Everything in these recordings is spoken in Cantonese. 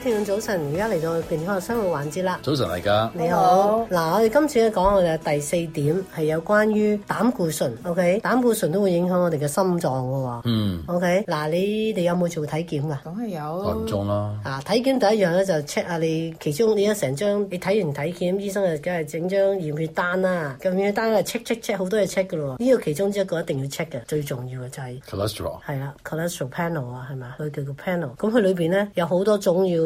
聽眾早晨，而家嚟到健康嘅生活環節啦。早晨，大家你好。嗱，我哋今次咧講我哋第四點係有關於膽固醇。O K.，膽固醇都會影響我哋嘅心臟嘅喎。嗯。O K.，嗱，你哋有冇做體檢噶？梗係有。分眾啦。嗱，體檢第一樣咧就 check 下你其中你一成張，你睇完體檢，醫生啊梗係整張驗血單啦。驗血單啊 check check 好多嘢 check 嘅咯喎。呢、這個其中之一個一定要 check 嘅，最重要嘅就係、是、cholesterol。係啦，cholesterol panel 啊，係咪，佢叫做 panel。咁佢裏邊咧有好多種要。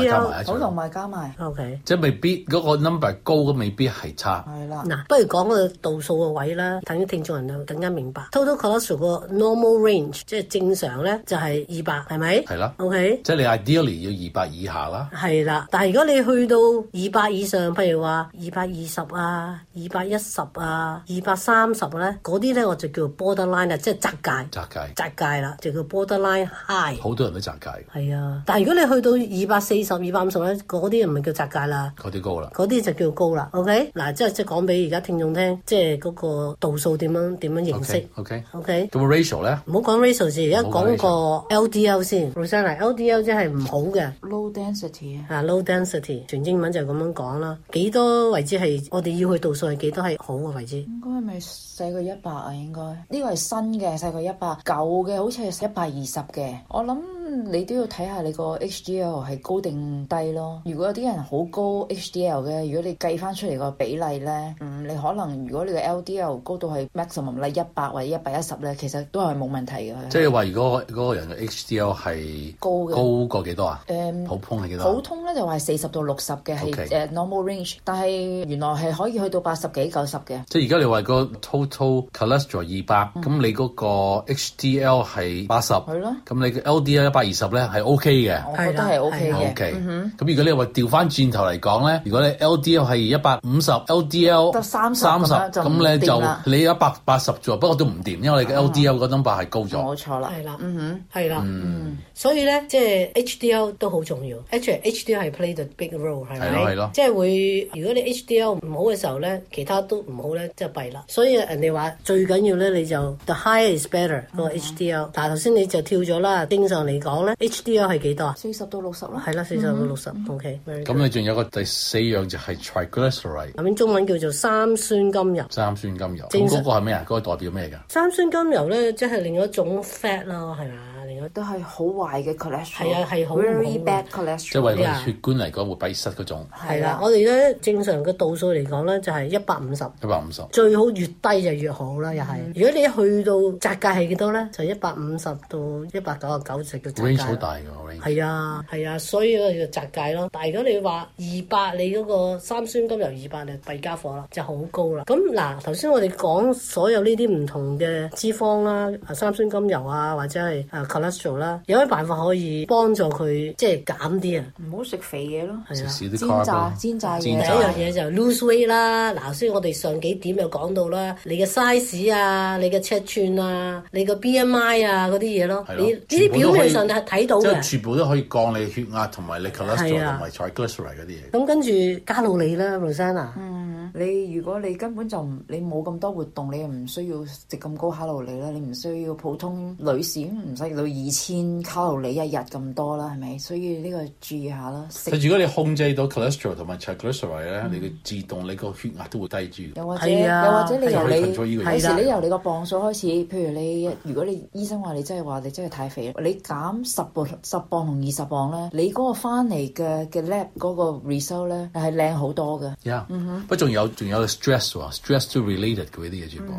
啲好同埋加埋。OK，即係未必嗰個 number 高，都未必係差。係啦。嗱，不如講個度數嘅位啦，等啲聽眾人就更加明白。Total cholesterol 個 normal range，即係正常咧，就係二百，係咪？係啦。O K，即係你 ideally 要二百以下啦。係啦，但如果你去到二百以上，譬如話二百二十啊，二百一十啊，二百三十咧，嗰啲咧我就叫 borderline 啊，即係窄界。窄界。窄界啦，就叫 borderline high。好多人都窄界。係啊，但如果你去到二百四。二十二百五十咧，嗰啲唔係叫窄界啦，嗰啲高啦，嗰啲就叫高啦。OK，嗱，即係即係講俾而家聽眾聽，即係嗰個度數點樣點樣認識。OK，OK、okay, okay. okay?。咁啊 ratio 咧，唔好講 ratio 先，而家講個 LDL 先。ratio，LDL 真係唔好嘅。Low density 啊、yeah,，low density，全英文就咁樣講啦。幾多為之係我哋要去度數係幾多係好嘅位置？應該係咪細過一百啊？應該呢個係新嘅，細過一百，舊嘅好似係一百二十嘅。我諗。你都要睇下你個 HDL 係高定低咯。如果有啲人好高 HDL 嘅，如果你計翻出嚟個比例咧，嗯，你可能如果你個 LDL 高到係 maximum 咧，一百或者一百一十咧，其實都係冇問題嘅。即係話如果嗰個人嘅 HDL 係高嘅，高過幾多啊？um，普通係幾多？普通咧就話係四十到六十嘅係 normal range，但係原來係可以去到八十幾、九十嘅。即係而家你話個 total cholesterol 二百，嗯，咁你嗰個 HDL 係八十，係咯，咁你嘅 LDL 一百，嗯。二十咧係 OK 嘅，我覺得係 OK 嘅。OK，咁如果你話調翻轉頭嚟講咧，如果你 LDL 係一百五十，LDL 得三十，三十咁咧就你一百八十咗，不過都唔掂，因為你嘅 LDL 個 number 係高咗。冇錯啦，係啦，嗯哼，係啦。嗯，所以咧即係 HDL 都好重要，H HDL 係 play the big role 係咪？係咯，即係會如果你 HDL 唔好嘅時候咧，其他都唔好咧，即係弊啦。所以人哋話最緊要咧，你就 the higher is better 個 HDL。但係頭先你就跳咗啦，正常嚟講。HDL 係幾多啊？四十到六十啦，係啦，四十到六十。O K，咁你仲有個第四樣就係 triglyceride，下面中文叫做三酸甘油。三酸甘油，咁嗰個係咩啊？嗰個代表咩噶？三酸甘油咧，即係另一種 fat 咯，係嘛？嚟講都係好壞嘅 cholesterol，係啊，係好唔好？即係為咗血管嚟講，會閉塞嗰種。係啦、啊啊啊啊，我哋咧正常嘅度數嚟講咧，就係一百五十。一百五十。最好越低就越好啦、啊，又係、嗯。如果你一去到閘界係幾多咧？就一百五十到一百九十九成嘅閘界。Range 好大㗎 range 係啊，係啊，所以咧就閘界咯。但係如果你話二百，你嗰個三酸甘油二百就弊傢伙啦，就好高啦。咁嗱，頭先我哋講所有呢啲唔同嘅脂肪啦、啊，三酸甘油啊，或者係啊。cholesterol 啦，有咩辦法可以幫助佢即係減啲啊？唔好食肥嘢咯，係啊，煎炸、煎炸嘅。第一樣嘢就係 lose weight 啦。嗱，所以我哋上幾點又講到啦，你嘅 size 啊，你嘅尺寸啊，你嘅 BMI 啊嗰啲嘢咯。係呢啲表面上係睇到嘅。全部，就係、全部都可以降你嘅血壓同埋你 cholesterol 同埋 triglyceride 嗰啲嘢。咁跟住加到你啦，Rosanna。嗯你如果你根本就唔，你冇咁多活動，你又唔需要食咁高卡路里啦，你唔需要普通女士唔使食到二千卡路里一日咁多啦，係咪？所以呢個注意下啦。如果你控制到 cholesterol 同埋 triglyceride 咧，你嘅自動，你個血壓都會低住。又或者、啊、又或者你由你，有時你由你個磅數開始，譬如你如果你醫生話你真係話你真係太肥，你減十磅十磅同二十磅咧，你嗰個翻嚟嘅嘅 lab 嗰個 result 咧係靚好多嘅。有、yeah，嗯哼，不仲有。仲有 stress 喎，stress-related 嗰啲嘢全部。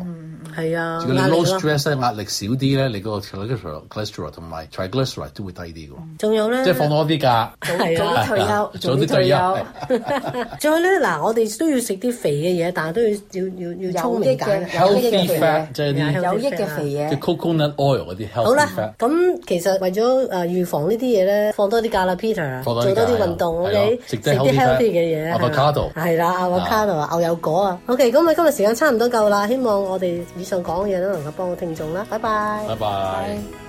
係啊，如果你冇 stress 咧，壓力少啲咧，你嗰個 cholesterol 同埋 triglyceride 都會低啲嘅。仲有咧，即係放多啲假，早啲退休，早啲退休。仲有咧，嗱，我哋都要食啲肥嘅嘢，但係都要要要要聰明啲，healthy fat，即係啲有益嘅肥嘢，即係 coconut oil 嗰啲 healthy fat。咁其實為咗誒預防呢啲嘢咧，放多啲假啦，Peter，做多啲運動，我哋，食啲 healthy 嘅嘢，avocado，係啦，avocado。牛油果啊，OK，咁我今日時間差唔多夠啦，希望我哋以上講嘅嘢都能夠幫到聽眾啦，拜拜，拜拜。Bye.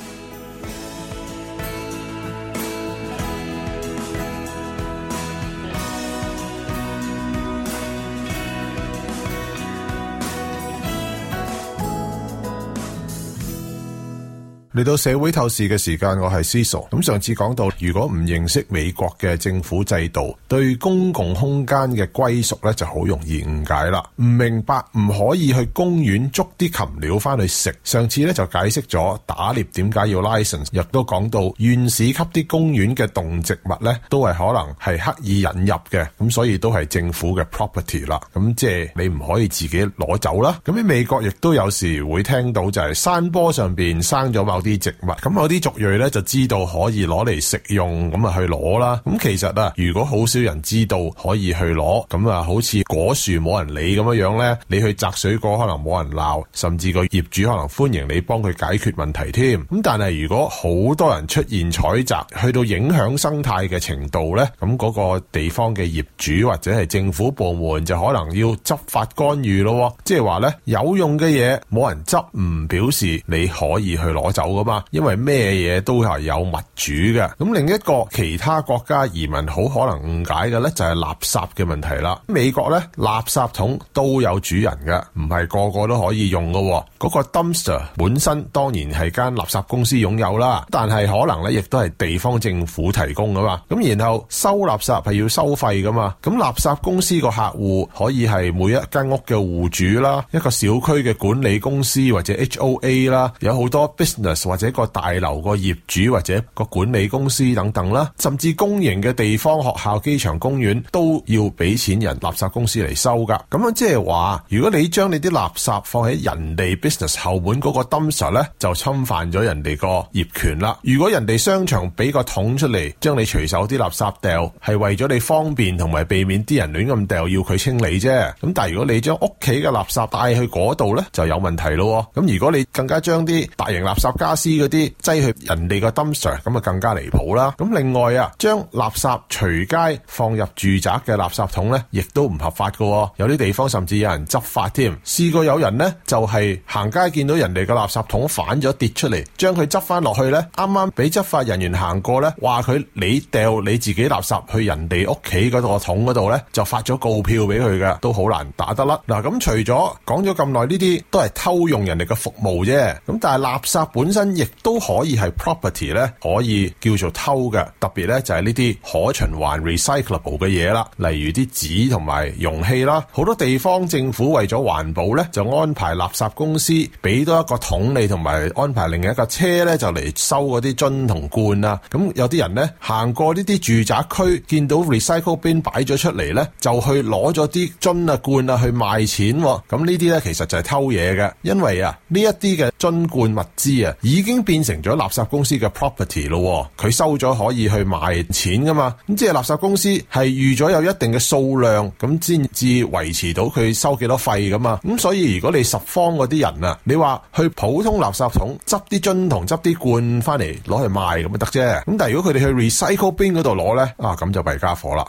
嚟到社會透視嘅時間，我係思索。咁上次講到，如果唔認識美國嘅政府制度，對公共空間嘅歸屬咧，就好容易誤解啦。唔明白，唔可以去公園捉啲禽鳥翻去食。上次咧就解釋咗打獵點解要 license，亦都講到縣市級啲公園嘅動植物咧，都係可能係刻意引入嘅，咁所以都係政府嘅 property 啦。咁即係你唔可以自己攞走啦。咁喺美國亦都有時會聽到、就係，就係山坡上面生咗某啲植物咁有啲族裔咧，就知道可以攞嚟食用，咁啊去攞啦。咁其實啊，如果好少人知道可以去攞，咁啊好似果樹冇人理咁樣樣咧，你去摘水果可能冇人鬧，甚至個業主可能歡迎你幫佢解決問題添。咁但係如果好多人出現採摘去到影響生態嘅程度咧，咁嗰個地方嘅業主或者係政府部門就可能要執法干預咯。即係話咧，有用嘅嘢冇人執，唔表示你可以去攞走。噶嘛，因為咩嘢都係有物主嘅。咁另一個其他國家移民好可能誤解嘅呢，就係垃圾嘅問題啦。美國呢，垃圾桶都有主人嘅，唔係個個都可以用噶。嗰個 dumpster 本身當然係間垃圾公司擁有啦，但係可能呢，亦都係地方政府提供噶嘛。咁然後收垃圾係要收費噶嘛。咁垃圾公司個客戶可以係每一間屋嘅戶主啦，一個小區嘅管理公司或者 HOA 啦，有好多 business。或者個大樓個業主或者個管理公司等等啦，甚至公營嘅地方學校、機場、公園都要俾錢人垃圾公司嚟收噶。咁樣即係話，如果你將你啲垃圾放喺人哋 business 後門嗰個 dumpster 咧，就侵犯咗人哋個業權啦。如果人哋商場俾個桶出嚟，將你隨手啲垃圾掉，係為咗你方便同埋避免啲人亂咁掉，要佢清理啫。咁但係如果你將屋企嘅垃圾帶去嗰度咧，就有問題咯。咁如果你更加將啲大型垃圾家私嗰啲擠去人哋個 dumpster，咁啊更加離譜啦。咁另外啊，將垃圾隨街放入住宅嘅垃圾桶呢，亦都唔合法噶。有啲地方甚至有人執法添。試過有人呢，就係行街見到人哋個垃圾桶反咗跌出嚟，將佢執翻落去呢，啱啱俾執法人員行過呢，話佢，你掉你自己垃圾去人哋屋企嗰個桶嗰度呢，就發咗告票俾佢噶，都好難打得甩。嗱，咁除咗講咗咁耐呢啲，都係偷用人哋嘅服務啫。咁但係垃圾本身。本身亦都可以係 property 咧，可以叫做偷嘅。特別咧就係呢啲可循環 recyclable 嘅嘢啦，例如啲紙同埋容器啦。好多地方政府為咗環保咧，就安排垃圾公司俾多一個桶你，同埋安排另一架車咧就嚟收嗰啲樽同罐啊。咁有啲人咧行過呢啲住宅區，見到 recycle bin 擺咗出嚟咧，就去攞咗啲樽啊罐啊去賣錢。咁呢啲咧其實就係偷嘢嘅，因為啊呢一啲嘅樽罐物資啊，已經變成咗垃圾公司嘅 property 咯，佢收咗可以去賣錢㗎嘛，咁即係垃圾公司係預咗有一定嘅數量咁先至維持到佢收幾多費㗎嘛？咁所以如果你十方嗰啲人啊，你話去普通垃圾桶執啲樽同執啲罐翻嚟攞去賣咁咪得啫，咁但係如果佢哋去 recycle bin 嗰度攞咧，啊咁就弊家伙啦。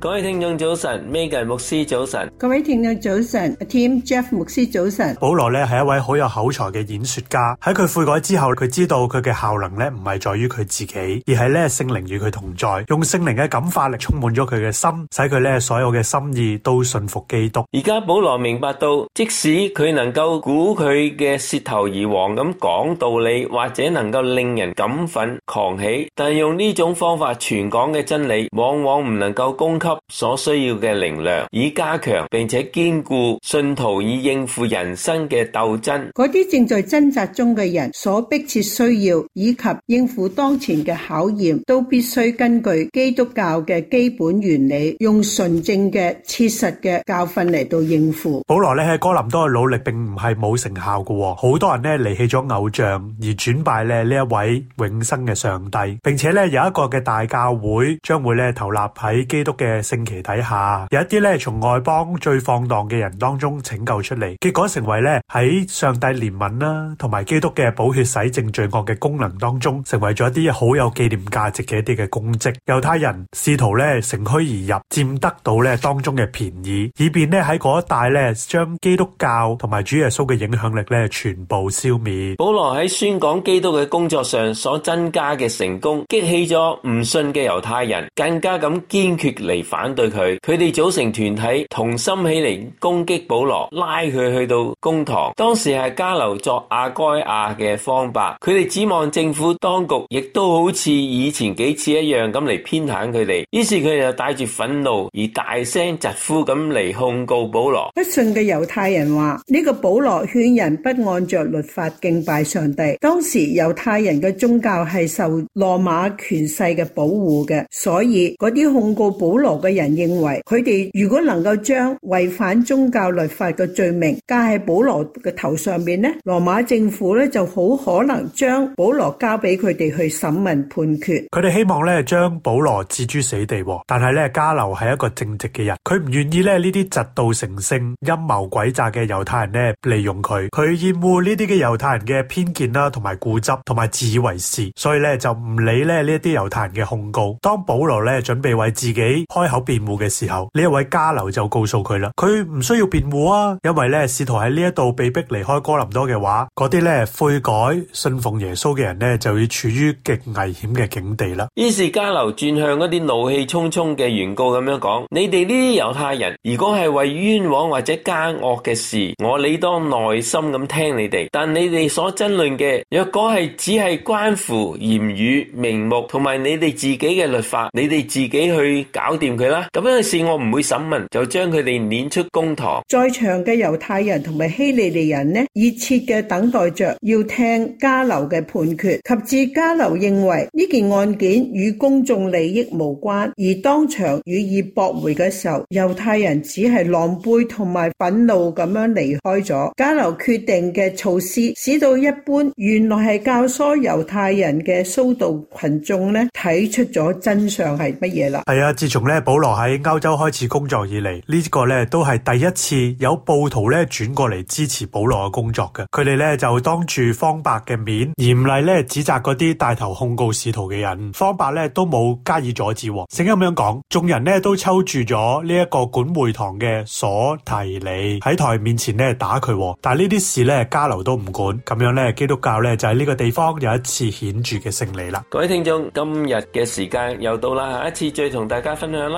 各位聽眾早晨，Megan 牧師早晨，各位聽眾早晨，阿 Tim Jeff 牧師早晨。保羅咧係一位好有口才嘅演說家，喺佢悔改之後，佢知道佢嘅效能咧唔係在於佢自己，而係咧聖靈與佢同在，用聖靈嘅感化力充滿咗佢嘅心，使佢咧所有嘅心意都信服基督。而家保羅明白到，即使佢能夠鼓佢嘅舌頭而黃咁講道理，或者能夠令人感奮狂喜，但係用呢種方法傳講嘅真理，往往唔能夠攻擊。所需要嘅力量，以加強並且堅固信徒，以應付人生嘅鬥爭。嗰啲正在掙扎中嘅人，所迫切需要以及應付當前嘅考驗，都必須根據基督教嘅基本原理，用純正嘅切實嘅教訓嚟到應付。保羅咧喺哥林多嘅努力，並唔係冇成效嘅，好多人咧離棄咗偶像，而轉拜咧呢一位永生嘅上帝，並且咧有一個嘅大教會將會咧投立喺基督嘅聖期底下，有一啲咧從外邦最放蕩嘅人當中拯救出嚟，結果成為咧喺上帝憐憫啦，同埋基督嘅寶血洗淨罪惡嘅功能當中，成為咗一啲好有紀念價值嘅一啲嘅功績。猶太人試圖咧乘虛而入，佔得到咧當中嘅便宜，以便咧喺嗰一帶咧將基督教同埋主耶穌嘅影響力咧全部消滅。保羅喺宣講基督嘅工作上所增加嘅成功，激起咗唔信嘅猶太人更加咁堅決離反對佢，佢哋組成團體，同心起嚟攻擊保羅，拉佢去到公堂。當時係迦流作亞該亞嘅方伯，佢哋指望政府當局，亦都好似以前幾次一樣咁嚟偏袒佢哋。於是佢哋就帶住憤怒而大聲疾呼咁嚟控告保羅。不信嘅猶太人話：呢個保羅勸人不按着律法敬拜上帝。當時猶太人嘅宗教係受羅馬權勢嘅保護嘅，所以嗰啲控告保羅。嘅人認為，佢哋如果能夠將違反宗教律法嘅罪名加喺保羅嘅頭上面咧，羅馬政府咧就好可能將保羅交俾佢哋去審問判決。佢哋希望咧將保羅置諸死地。但係咧迦流係一個正直嘅人，佢唔願意咧呢啲窒道成性、陰謀詭詐嘅猶太人咧利用佢。佢厭惡呢啲嘅猶太人嘅偏見啦，同埋固執，同埋自以為是，所以咧就唔理咧呢一啲猶太人嘅控告。當保羅咧準備為自己開口辯護嘅時候，呢一位迦流就告訴佢啦，佢唔需要辯護啊，因為咧試圖喺呢一度被逼離開哥林多嘅話，嗰啲咧悔改信奉耶穌嘅人咧就要處於極危險嘅境地啦。於是迦流轉向一啲怒氣沖沖嘅原告咁樣講，你哋呢啲猶太人，如果係為冤枉或者奸惡嘅事，我理當耐心咁聽你哋，但你哋所爭論嘅，若果係只係關乎言語、名目同埋你哋自己嘅律法，你哋自己去搞掂。咁樣嘅事我唔會審問，就將佢哋攆出公堂。在場嘅猶太人同埋希利尼人呢，熱切嘅等待着要聽迦流嘅判決。及至迦流認為呢件案件與公眾利益無關，而當場予以駁回嘅時候，猶太人只係狼狽同埋憤怒咁樣離開咗。迦流決定嘅措施，使到一般原來係教唆猶太人嘅騷動群眾呢，睇出咗真相係乜嘢啦。係啊，自從呢。保羅喺歐洲開始工作以嚟，呢、這個呢都係第一次有暴徒呢轉過嚟支持保羅嘅工作嘅。佢哋呢就當住方伯嘅面嚴厲呢指責嗰啲帶頭控告使徒嘅人。方伯呢都冇加以阻止，成咁樣講。眾人呢都抽住咗呢一個管會堂嘅所提尼喺台面前呢打佢。但係呢啲事呢，迦流都唔管。咁樣呢，基督教呢就喺、是、呢個地方有一次顯著嘅勝利啦。各位聽眾，今日嘅時間又到啦，下一次再同大家分享啦。